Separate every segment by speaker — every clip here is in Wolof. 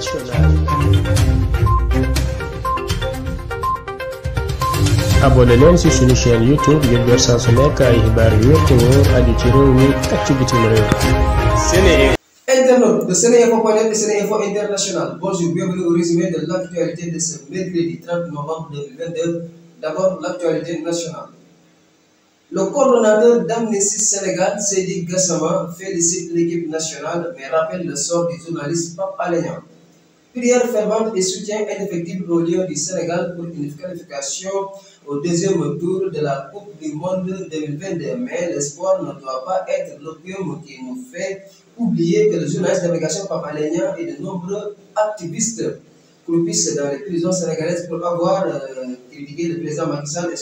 Speaker 1: internationale. abonné leen ci suñu youtube ngir jot saa su nekk ay xibaar yu wér te wóor aju ci international bonjour bienvenue au résumé de l'actualité de ce mercredi 30 novembre 2022 d'abord l'actualité nationale. Le coordonnateur d'Amnesty Sénégal, Seydi Gassama, félicite l'équipe nationale mais rappelle le sort journaliste Pape Alé prière fervente et soutien indéfectible aux Lions du Sénégal pour une qualification au deuxième tour de la Coupe du Monde 2022. Mais l'espoir ne doit pas être l'opium qui nous fait oublier que le journaliste d'application Papa Lénian et de nombreux activistes croupissent dans les prisons sénégalaises pour avoir euh, le président Macky Sall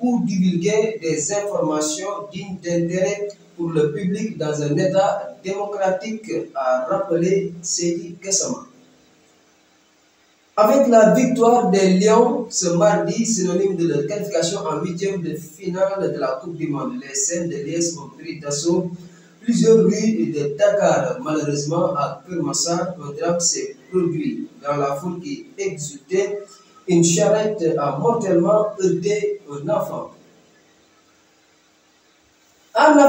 Speaker 1: ou divulgué des informations d'intérêt pour le public dans un État démocratique, a rappelé Seydi Gassama. Avec la victoire des Lions ce mardi, synonyme de leur qualification en huitième de finale de la Coupe du Monde, les scènes de l'Est ont pris plusieurs rues de Dakar. Malheureusement, à Kermassa, un drame s'est produit dans la foule qui exultait. Une charrette a mortellement heurté un enfant.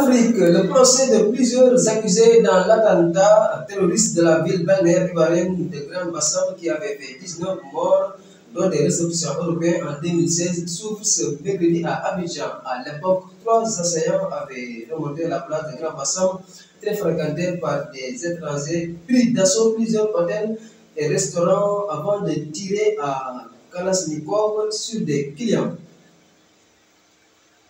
Speaker 1: Afrique, le procès de plusieurs accusés dans l'attentat terroriste de la ville balnéaire ivoirienne de Grand-Bassam qui avait fait 19 morts lors des réceptions européennes en 2016 s'ouvre ce mercredi à Abidjan. À l'époque, trois assaillants avaient remonté la place de Grand-Bassam, très fréquentée par des étrangers, pris d'assaut plusieurs hôtels et restaurants avant de tirer à Kalashnikov sur des clients.